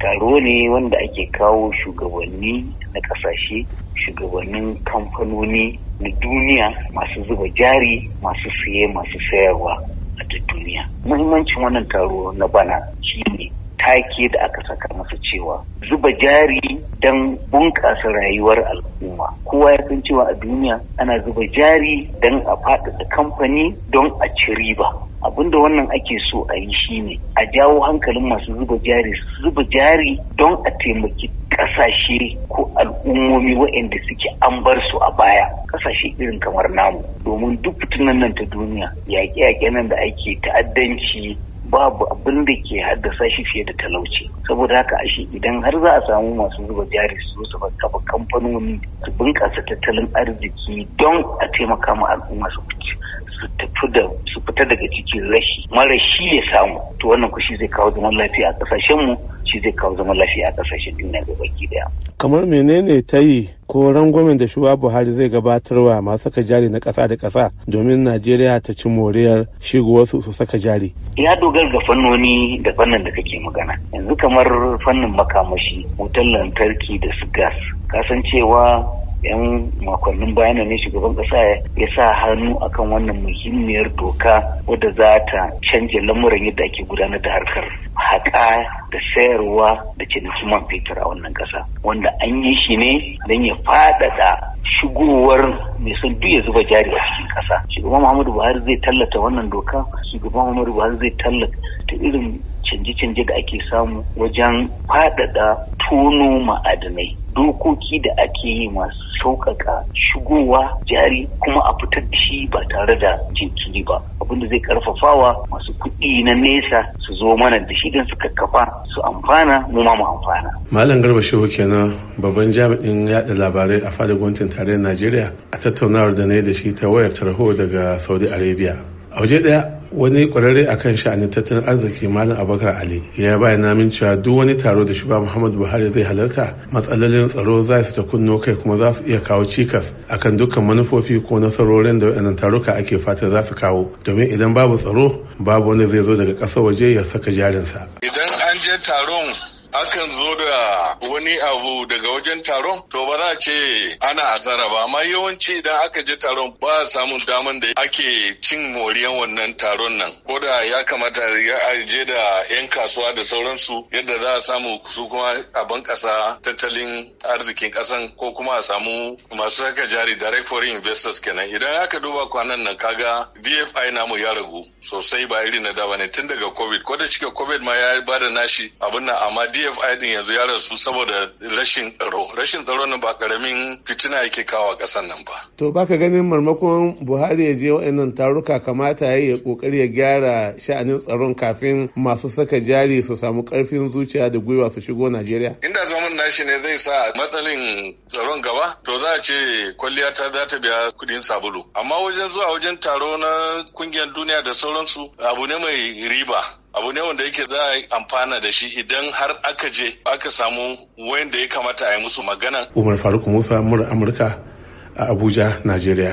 taro ne wanda ake kawo shugabanni na kasashe shugabannin kamfanoni na duniya masu zuba jari masu siye masu sayarwa a duniya muhimmancin wannan taro na bana shine take da aka saka masa cewa zuba jari don bunƙasa rayuwar al'umma kowa ya san cewa a duniya ana zuba jari don a faɗaɗa kamfani don a ci riba abinda wannan ake so a yi shine a jawo hankalin masu zuba jari zuba jari don a taimaki ƙasashe ko al'ummomi waɗanda suke an bar su a baya Ƙasashe irin kamar namu domin duk fitinan nan ta duniya yaƙe-yaƙe nan da ake ta'addanci babu abin da ke haddasa shi fiye da talauci saboda haka ashe idan har za a samu masu zuba jari su su kafa kamfanoni su bunƙasa tattalin arziki don a taimaka ma al'umma su su fita daga cikin rashi mara shi ya samu to wannan kushi zai kawo zaman lafiya a mu shi zai kawo zaman lafiya a kasashen duniya ga baki daya. Kamar menene ta yi ko rangwamen da shuwa Buhari zai gabatarwa masu saka jari na kasa da ƙasa domin Najeriya ta ci moriyar shigowarsu su saka jari. Ya dogar ga fannoni da fannin da kake magana. Yanzu kamar fannin makamashi, wutar lantarki da su gas. Kasancewa yan makonnin bayanan ne shugaban kasa ya sa hannu akan wannan muhimmiyar doka wadda za ta canja lamuran yadda ake gudanar da harkar alaka da sayarwa da ciniki man fetur a wannan ƙasa wanda an yi shi ne don ya faɗaɗa shigowar mai son duk ya zuba jari a cikin ƙasa shugaban muhammadu buhari zai tallata wannan doka shugaban muhammadu buhari zai tallata irin canje-canje da ake samu wajen faɗaɗa tono ma'adanai dokoki da ake yi masu sauƙaƙa shigowa jari kuma a fitar da shi ba tare da jinkiri ba abinda zai karfafawa masu kuɗi na nesa su zo mana da shi don su kakkafa su amfana mu ma mu amfana. Malam Garba Shehu kenan babban jami'in yaɗa labarai a fadar gwamnatin tarayyar Najeriya a tattaunawar da na yi da shi ta wayar tarho daga Saudi Arabia. A waje ɗaya wani kwararre a kan sha'anin tattalin arziki malam Abubakar ali ya bayyana min cewa duk wani taro da shugaba muhammadu buhari zai halarta matsalolin tsaro za su ta kunno kai kuma za su iya kawo cikas akan dukkan manufofi ko nasarorin da wayannan taruka ake fata za su kawo domin idan babu tsaro babu wani zai zo daga ƙasar waje ya saka jarinsa idan an je taron akan zo da wani abu daga wajen taron to ba za a ce ana asara ba amma yawanci idan aka je taron ba a samun daman da ake cin moriyan wannan taron nan ko da ya kamata ya je da 'yan kasuwa da sauransu yadda za a samu su kuma a bankasa tattalin arzikin kasan ko kuma a samu masu saka jari direct foreign investors kenan idan aka duba kwanan nan kaga dfi namu ya ragu sosai ba irin na da ne tun daga covid ko da cike covid ma ya bada nashi abin nan amma dfi din yanzu ya rasu saboda rashin tsaro rashin tsaro na ba karamin fitina yake kawo a kasan nan ba to baka ganin marmakon buhari ya je wa'annan taruka kamata ya yi kokari ya gyara sha'anin tsaron kafin masu saka jari su samu karfin zuciya da gwiwa su shigo najeriya inda zaman nashi ne zai sa matsalin tsaron gaba to za a ce kwalliya ta za ta biya kudin sabulu amma wajen zuwa wajen taro na kungiyar duniya da sauransu abu ne mai riba abu ne wanda yake za a yi amfana da shi idan har aka je aka samu wanda ya kamata a yi musu magana. Umar Faruk Musa mura Amurka a Abuja, Najeriya.